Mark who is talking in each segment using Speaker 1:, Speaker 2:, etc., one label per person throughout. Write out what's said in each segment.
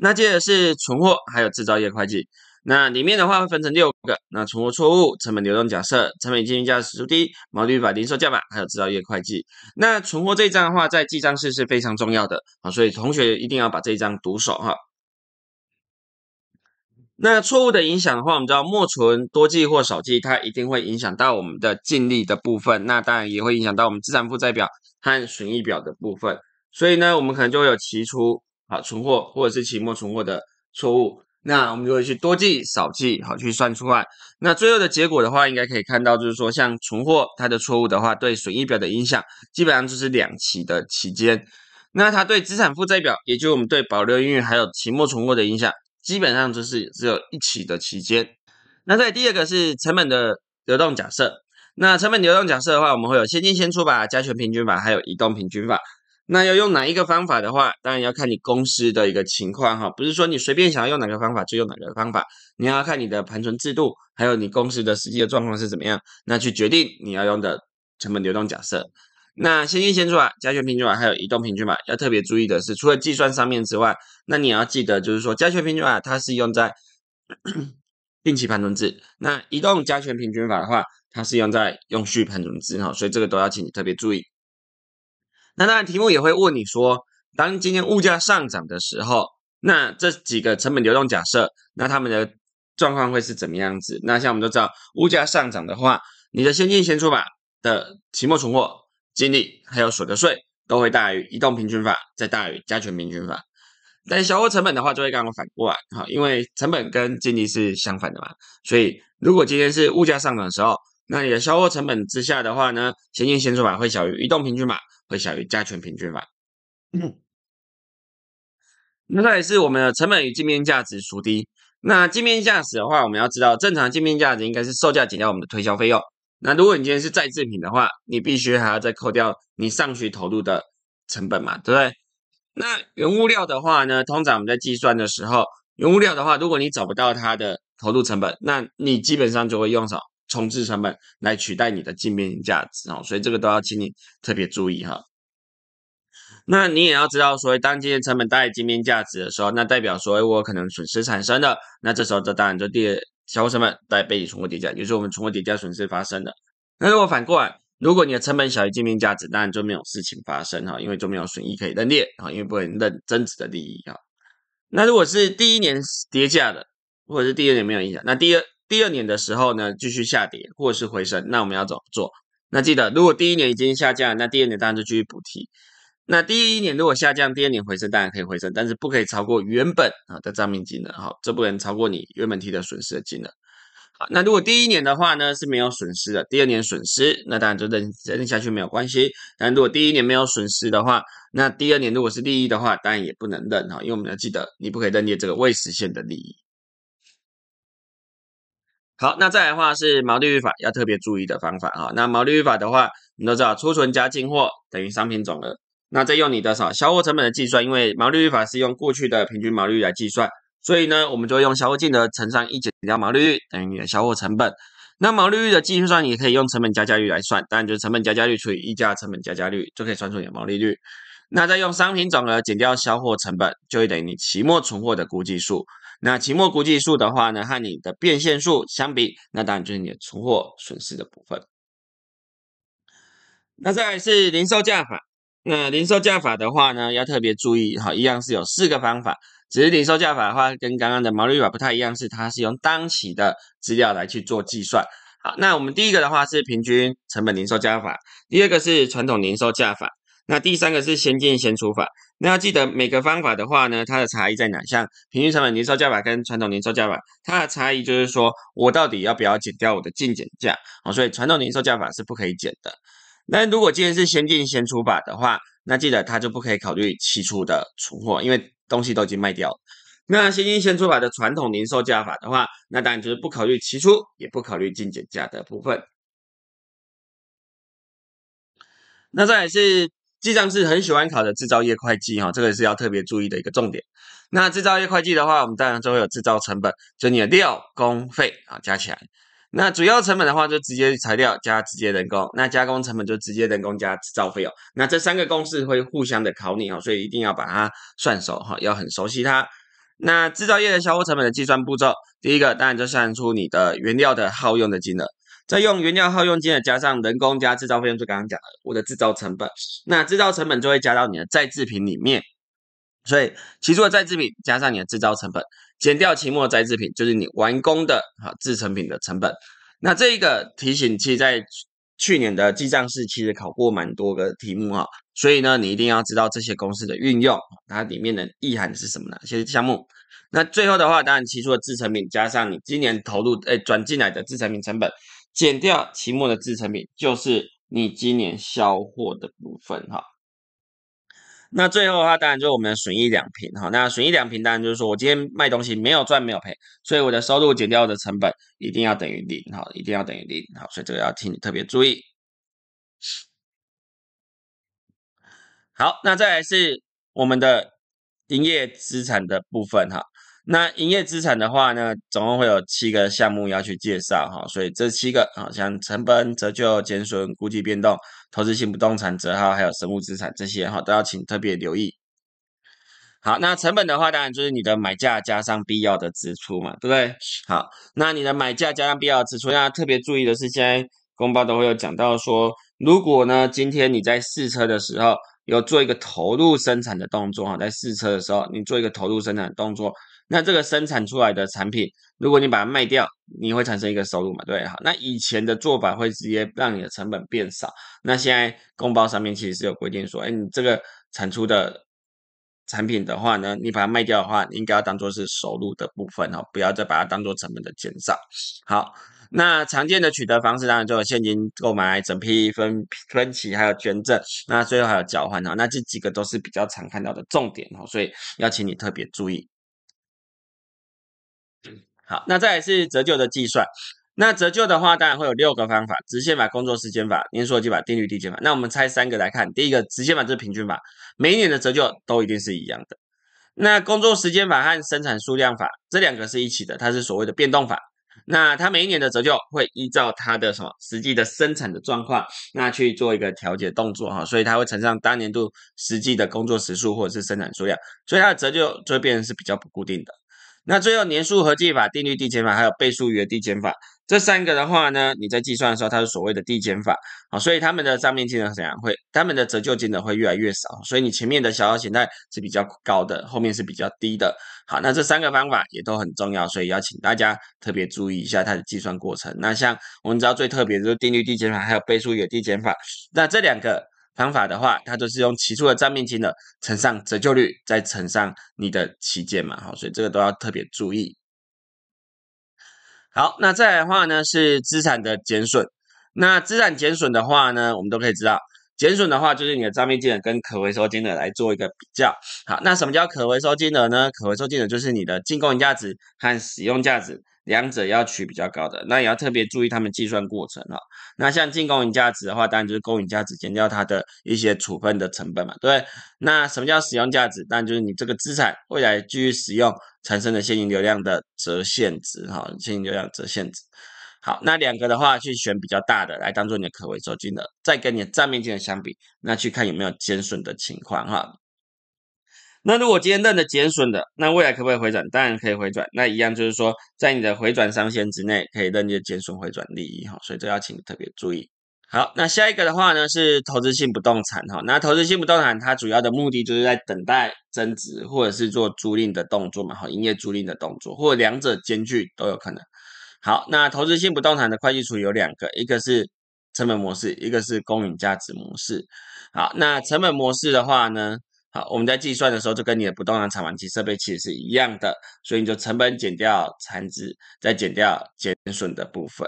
Speaker 1: 那接着是存貨，還有製造業會計。那裡面的話會分成六個。那存貨錯誤、成本流動假設、成本營價孰低、毛利率法、零售價法，還有製造業會計。那存貨這一章的話，在記帳士是非常重要的啊，所以同學一定要把這一章讀熟哈。那錯誤的影響的話，我們知道末存多記或少記，它一定會影響到我們的淨利的部分。那當然也會影響到我們資產負債表和損益表的部分。所以呢，我們可能就會有提出。好，存貨或者是期末存貨的錯誤，那我們就會去多計、少計，好去算出來。那最後的結果的話，應該可以看到，就是說像存貨它的錯誤的話，對損益表的影響基本上就是兩期的期間。那它對資產負債表，也就是我們對保留盈餘還有期末存貨的影響，基本上就是只有一期的期間。那再第二個是成本的流動假設。那成本流動假設的話，我們會有先進先出吧，加權平均法，還有移動平均法。那要用哪一個方法的話，當然要看你公司的一個情況哈，不是說你隨便想要用哪個方法就用哪個方法，你要看你的盤存制度，還有你公司的實際的狀況是怎麼樣，那去決定你要用的成本流動假設。那先進先出啊，加權平均法還有移動平均法，要特別注意的是，除了計算上面之外，那你要記得就是說，加權平均法它是用在咳咳定期盤存制，那移動加權平均法的話，它是用在用序盤存制哈，所以這個都要請你特別注意。那當然，題目也會問你說，當今天物價上漲的時候，那這幾個成本流動假設，那他們的狀況會是怎麼樣子？那像我們都知道，物價上漲的話，你的先進先出法的期末存貨、淨利還有所得稅都會大於移動平均法，再大於加權平均法。但銷貨成本的話，就會剛剛反過來，哈，因為成本跟淨利是相反的嘛。所以，如果今天是物價上漲的時候，那你的銷貨成本之下的話呢，先進先出法會小於移動平均法。會小於加權平均法。嗯、那再來是我們的成本與淨面價值孰低。那淨面價值的話，我們要知道正常淨面價值應該是售價減掉我們的推銷費用。那如果你今天是再制品的話，你必須還要再扣掉你上去投入的成本嘛，對不對？那原物料的話呢，通常我們在計算的時候，原物料的話，如果你找不到它的投入成本，那你基本上就會用上。重置成本來取代你的淨面價值哦，所以這個都要請你特別注意哈。那你也要知道，所以當今年成本大於淨面價值的時候，那代表說、哎、我可能損失產生了，那這時候這當然就第二小伙成本帶被你存貨跌價，也就是我們存貨跌價損失發生了。那如果反過來，如果你的成本小於淨面價值，當然就沒有事情發生哈，因為就沒有損益可以認列啊，因為不會認增值的利益啊。那如果是第一年跌價的，或者是第二年沒有影響，那第二。第二年的時候呢，繼續下跌或者是回升，那我們要怎麼做？那記得，如果第一年已經下降，那第二年當然就繼續補提。那第一年如果下降，第二年回升，當然可以回升，但是不可以超過原本啊的賬面金額，好，這不能超過你原本提的損失的金額。好，那如果第一年的話呢，是沒有損失的，第二年損失，那當然就認認下去沒有關係。但如果第一年沒有損失的話，那第二年如果是利益的話，當然也不能認哈，因為我們要記得，你不可以認列這個未實現的利益。好，那再來的話是毛利率法要特別注意的方法哈。那毛利率法的話，你都知道，初存加進貨等於商品總額。那再用你的少？銷貨成本的計算，因為毛利率法是用過去的平均毛利率來計算，所以呢，我們就會用銷貨淨額乘上一減掉毛利率，等於你的銷貨成本。那毛利率的計算，也可以用成本加價率來算，當然就是成本加價率除以一加成本加價率，就可以算出你的毛利率。那再用商品總額減掉銷貨成本，就會等於你期末存貨的估計數。那期末估計數的話呢，和你的變現數相比，那當然就是你的存貨損失的部分。那再來是零售價法，那零售價法的話呢，要特別注意哈，一樣是有四個方法，只是零售價法的話跟剛剛的毛利率法不太一樣，是它是用當期的資料來去做計算。好，那我們第一個的話是平均成本零售價法，第二個是傳統零售價法。那第三個是先進先出法。那要記得每個方法的話呢，它的差異在哪？像平均成本零售價法跟傳統零售價法，它的差異就是說我到底要不要減掉我的淨減價哦。所以傳統零售價法是不可以減的。那如果今天是先進先出法的話，那記得它就不可以考慮期初的存貨，因為東西都已經賣掉了。那先進先出法的傳統零售價法的話，那當然就是不考慮期初，也不考慮淨減價的部分。那再來是。記賬是很喜歡考的製造業會計哈，這個也是要特別注意的一個重點。那製造業會計的話，我們當然就會有製造成本，就你的料工費啊加起來。那主要成本的話，就直接材料加直接人工。那加工成本就直接人工加製造費用。那這三個公式會互相的考你哦，所以一定要把它算熟哈，要很熟悉它。那製造業的消耗成本的計算步驟，第一個當然就算出你的原料的耗用的金額。再用原料耗用金額加上人工加制造費用，就剛剛講的我的制造成本。那制造成本就會加到你的再制品裡面，所以期初的再制品加上你的制造成本，減掉期末的在制品，就是你完工的哈制成品的成本。那這一個提醒，其實在去年的記賬式其實考過蠻多個題目哈，所以呢，你一定要知道這些公式的運用，它裡面的意涵是什麼呢？這些項目。那最後的話，當然期初的制成品加上你今年投入誒轉進來的制成品成本。減掉期末的製成品，就是你今年銷貨的部分哈。那最後的話，當然就是我們的損益兩平哈。那損益兩平，當然就是說我今天賣東西沒有賺，沒有賠，所以我的收入減掉的成本一定要等於零，一定要等於零哈，一定要等於零哈。所以這個要請你特別注意。好，那再來是我們的營業資產的部分哈。那營業資產的話呢，總共會有七個項目要去介紹哈，所以這七個啊，像成本、折舊、減損、估計變動、投資性不動產折耗，還有生物資產這些哈，都要請特別留意。好，那成本的話，當然就是你的買價加上必要的支出嘛，對不對？好，那你的買價加上必要的支出，那特別注意的是，現在公報都會有講到說，如果呢今天你在試車的時候有做一個投入生產的動作哈，在試車的時候你做一個投入生產的動作。那這個生產出來的產品，如果你把它賣掉，你會產生一個收入嘛？對，好。那以前的做法會直接讓你的成本變少。那現在公報上面其實是有規定說，哎，你這個產出的產品的話呢，你把它賣掉的話，應該要當做是收入的部分哦，不要再把它當做成本的減少。好，那常見的取得方式當然就有現金購買、整批分分期，還有捐贈。那最後還有交換哈，那這幾個都是比較常看到的重點哦，所以要請你特別注意。好，那再來是折舊的計算。那折舊的話，當然會有六個方法：直線法、工作時間法、年數合計法、定率遞減法。那我們拆三個來看。第一個，直線法，這是平均法，每一年的折舊都一定是一樣的。那工作時間法和生產數量法這兩個是一起的，它是所謂的變動法。那它每一年的折舊會依照它的什麼實際的生產的狀況，那去做一個調節動作哈，所以它會乘上當年度實際的工作時數或者是生產數量，所以它的折舊就會變成是比較不固定的。那最後年數合計法、定率遞減法，還有倍數餘額遞減法這三個的話呢，你在計算的時候，它是所謂的遞減法，好，所以它們的賬面金額怎樣會，它們的折舊金額會越來越少，所以你前面的小額形態是比較高的，後面是比較低的，好，那這三個方法也都很重要，所以要請大家特別注意一下它的計算過程。那像我們知道最特別的就是定率遞減法，還有倍數餘額遞減法，那這兩個。方法的話，它就是用期初的賬面金額乘上折舊率，再乘上你的期間嘛，好，所以這個都要特別注意。好，那再來的話呢，是資產的減損。那資產減損的話呢，我們都可以知道，減損的話就是你的賬面金額跟可回收金額來做一個比較。好，那什麼叫可回收金額呢？可回收金額就是你的淨公允價值和使用價值。兩者要取比較高的，那也要特別注意它們計算過程哈，那像淨公允價值的話，當然就是公允價值減掉它的一些處分的成本嘛，對不對？那什麼叫使用價值？當然就是你這個資產未來繼續使用產生的現金流量的折現值哈，現金流量折現值。好，那兩個的話去選比較大的來當做你的可回收金額，再跟你的賬面金額相比，那去看有沒有減損的情況哈。那如果今天認列減損的，那未來可不可以回轉？當然可以回轉。那一樣就是說，在你的回轉上限之內，可以認列減損回轉利益哈。所以這要請特別注意。好，那下一個的話呢是投資性不動產哈。那投資性不動產它主要的目的就是在等待增值，或者是做租賃的動作嘛，哈，營業租賃的動作，或者兩者兼具都有可能。好，那投資性不動產的會計處理有兩個，一個是成本模式，一個是公允價值模式。好，那成本模式的話呢？好，我們在計算的時候，就跟你的不動產廠房及設備其實是一樣的，所以你就成本減掉殘值，再減掉減損的部分，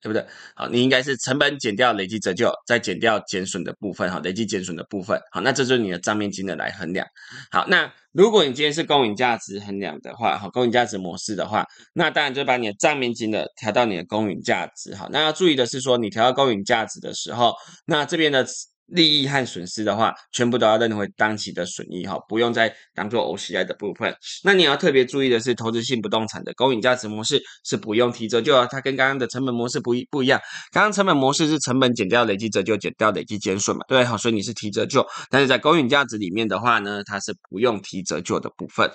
Speaker 1: 對不對？好，你應該是成本減掉累計折舊，再減掉減損的部分，哈，累計減損的部分。好，那這就是你的賬面金額來衡量。好，那如果你今天是公允價值衡量的話，哈，公允價值模式的話，那當然就把你的賬面金額調到你的公允價值，哈。那要注意的是說，你調到公允價值的時候，那這邊的。利益和損失的話，全部都要認回當期的損益哈，不用再當做 OCI 的部分。那你要特別注意的是，投資性不動產的公允價值模式是不用提折舊啊，它跟剛剛的成本模式不一不一樣。剛剛成本模式是成本減掉累計折舊減掉累計減損嘛，對，好哦，所以你是提折舊。但是在公允價值裡面的話呢，它是不用提折舊的部分。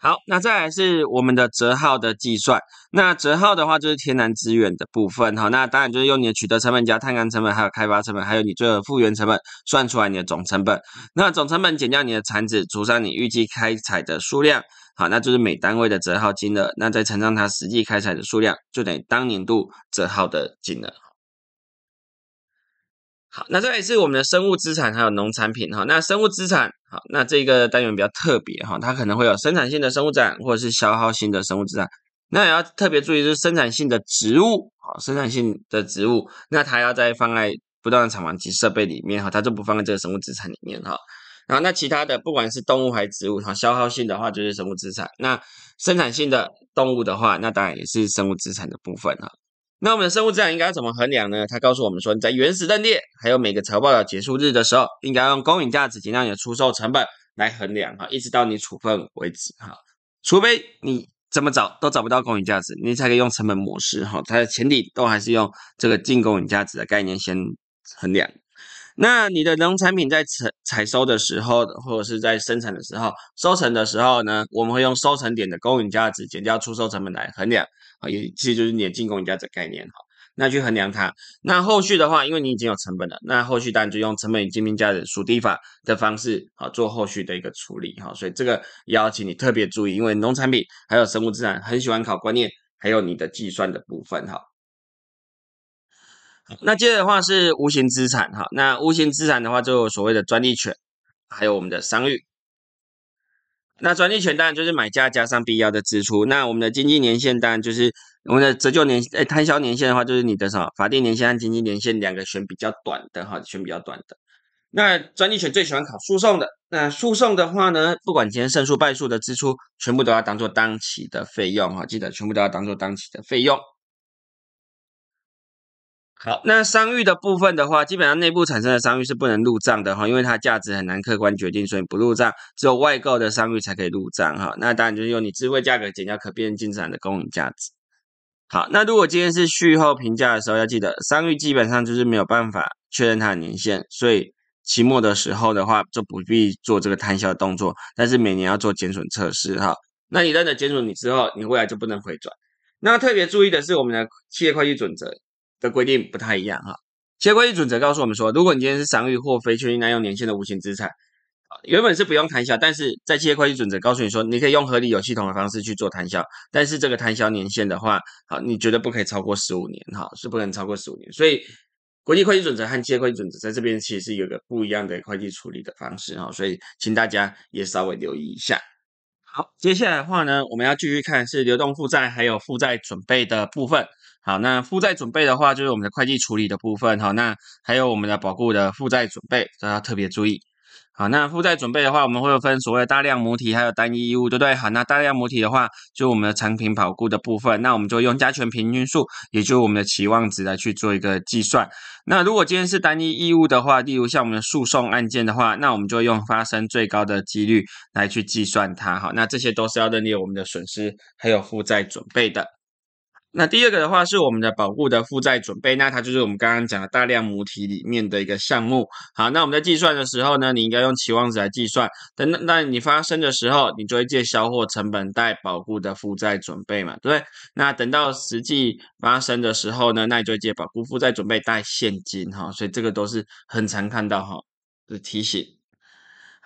Speaker 1: 好，那再來是我們的折耗的計算。那折耗的話，就是天然資源的部分。好，那當然就是用你的取得成本加探勘成本，還有開發成本，還有你最後的復原成本，算出來你的總成本。那總成本減掉你的產值，除上你預計開採的數量，好，那就是每單位的折耗金額。那再乘上它實際開採的數量，就等於當年度折耗的金額。好，那這也是我們的生物資產，還有農產品哈。那生物資產，好，那這個單元比較特別哈，它可能會有生產性的生物資產，或者是消耗性的生物資產。那也要特別注意，就是生產性的植物，好，生產性的植物，那它要再放在不斷的廠房及設備裡面哈，它就不放在這個生物資產裡面哈。然後那其他的，不管是動物還是植物，哈，消耗性的話就是生物資產。那生產性的動物的話，那當然也是生物資產的部分啊。那我們的生物資產應該要怎麼衡量呢？他告訴我們說，你在原始認列，還有每個財報的結束日的時候，應該用公允價值減掉你的出售成本來衡量哈，一直到你處分為止哈。除非你怎麼找都找不到公允價值，你才可以用成本模式哈。它的前提都還是用這個淨公允價值的概念先衡量。那你的農產品在採採收的時候，或者是在生產的時候，收成的時候呢，我們會用收成點的公允價值減掉出售成本來衡量。啊，也其實就是你的淨公允價值的概念哈，那去衡量它。那後續的話，因為你已經有成本了，那後續當然就用成本與進平價值的孰低法的方式啊做後續的一個處理哈。所以這個也要請你特別注意，因為農產品還有生物資產很喜歡考觀念，還有你的計算的部分哈、嗯。那接着的話是無形資產哈，那無形資產的話就所謂的專利權，還有我們的商譽。那專利權當然就是買價加上必要的支出。那我們的經濟年限當然就是我們的折舊年誒攤銷年限的話，就是你的什麼法定年限和經濟年限兩個選比較短的哈，選比較短的。那專利權最喜歡考訴訟的。那訴訟的話呢，不管前勝訴敗訴的支出，全部都要當做當期的費用哈，記得全部都要當做當期的費用。好，那商譽的部分的話，基本上內部產生的商譽是不能入賬的哈，因為它價值很難客觀決定，所以不入賬，只有外購的商譽才可以入賬哈。那當然就是用你支付價格減掉可辨認淨資產的公允價值。好，那如果今天是續後評價的時候，要記得商譽基本上就是沒有辦法確認它的年限，所以期末的時候的話就不必做這個攤銷的動作，但是每年要做減損測試哈。那你真的減損你之後，你未來就不能回轉。那特別注意的是我們的企業會計準則。的規定不太一樣哈。企業會計準則告訴我們說，如果你今天是商譽或非權益耐用年限的無形資產，啊，原本是不用攤銷，但是在企業會計準則告訴你說，你可以用合理有系統的方式去做攤銷，但是這個攤銷年限的話，好，你絕對不可以超過十五年哈，是不能超過十五年。所以，國際會計準則和企業會計準則在這邊其實是有個不一樣的會計處理的方式哈，所以請大家也稍微留意一下。好，接下來的話呢，我們要繼續看是流動負債還有負債準備的部分。好，那負債準備的話，就是我們的會計處理的部分。好，那還有我們的保固的負債準備，都要特別注意。好，那負債準備的話，我們會分所謂的大量母體還有單一義務，對不對？好，那大量母體的話，就我們的產品保固的部分，那我們就用加權平均數，也就是我們的期望值來去做一個計算。那如果今天是單一義務的話，例如像我們的訴訟案件的話，那我們就用發生最高的幾率來去計算它。好，那這些都是要認定我們的損失還有負債準備的。那第二個的話是我們的保固的負債準備，那它就是我們剛剛講的大量母體裡面的一個項目。好，那我們在計算的時候呢，你應該用期望值來計算。等那那你發生的時候，你就會借銷貨成本貸保固的負債準備嘛，對不對？那等到實際發生的時候呢，那你就會借保固負債準備貸現金哈。所以這個都是很常看到哈的提醒。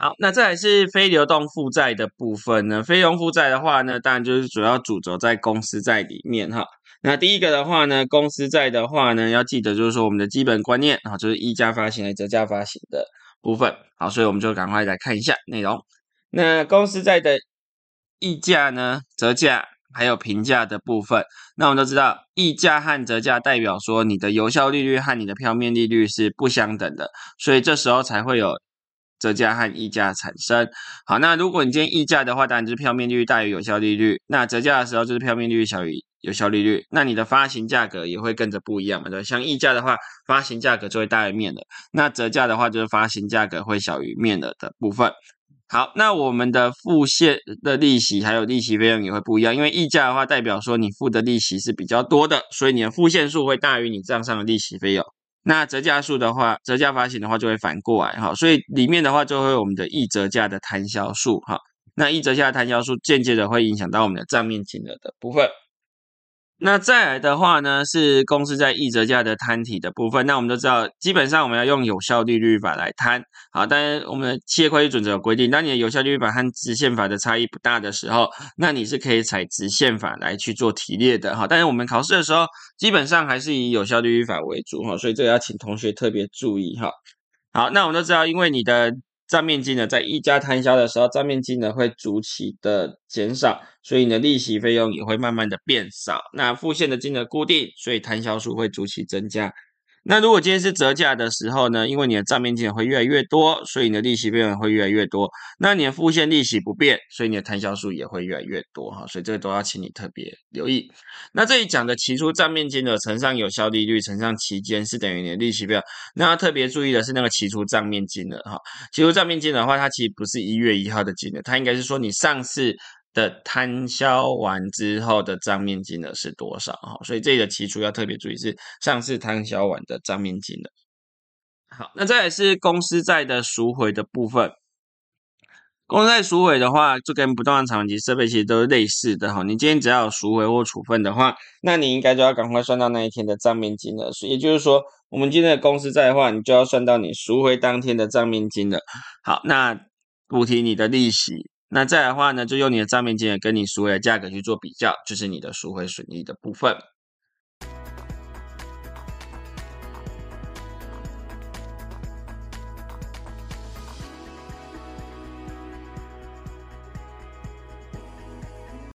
Speaker 1: 好，那再來是非流動負債的部分呢？非流動負債的話呢，當然就是主要主軸在公司債裡面哈。那第一個的話呢，公司債的話呢，要記得就是說我們的基本觀念啊，就是溢價發行和折價發行的部分。好，所以我們就趕快來看一下內容。那公司債的溢價呢、折價還有平價的部分，那我們都知道溢價和折價代表說你的有效利率和你的票面利率是不相等的，所以這時候才會有。折價和溢價產生。好，那如果你今天溢價的話，當然就是票面利率大於有效利率。那折價的時候就是票面利率小於有效利率。那你的發行價格也會跟着不一樣嘛？對，像溢價的話，發行價格就會大於面額。那折價的話就是發行價格會小於面額的部分。好，那我們的付現的利息還有利息費用也會不一樣，因為溢價的話代表說你付的利息是比較多的，所以你的付現數會大於你賬上的利息費用。那折價數的話，折價發行的話就會反過來哈，所以裡面的話就會有我們的溢折價的攤銷數哈，那溢折價攤銷數間接的會影響到我們的賬面金額的部分。那再來的話呢，是公司在一折價的攤提的部分。那我們都知道，基本上我們要用有效利率法來攤，好。但是我們的企業會計準則有規定，當你的有效利率法和直線法的差異不大的時候，那你是可以採直線法來去做提列的，哈。但是我們考試的時候，基本上還是以有效利率法為主，哈。所以這個要請同學特別注意，哈。好，那我們都知道，因為你的。帳面金額，在一家攤銷的時候，帳面金額會逐期的減少，所以呢，利息費用也會慢慢的變少。那付現的金額固定，所以攤銷數會逐期增加。那如果今天是折價的時候呢？因為你的帳面金額會越來越多，所以你的利息費用會越來越多。那你的付現利息不變，所以你的攤銷數也會越來越多哈。所以這個都要請你特別留意。那這裡講的期初帳面金額乘上有效利率乘上期間是等於你的利息費用。那要特別注意的是那個期初賬面金額哈，期初帳面金額的話，它其實不是一月一號的金額，它應該是說你上次。的攤銷完之後的賬面金額是多少？哈，所以這個期初要特別注意是上次攤銷完的賬面金額。好，那這也是公司債的贖回的部分。公司債贖回的話，就跟不動產長期設備其實都是類似的哈。你今天只要有贖回或處分的話，那你應該就要趕快算到那一天的賬面金額。也就是說，我們今天的公司債的話，你就要算到你贖回當天的賬面金額。好，那補提你的利息。那再來的話呢，就用你的賬面金額跟你贖回的價格去做比較，就是你的贖回損益的部分。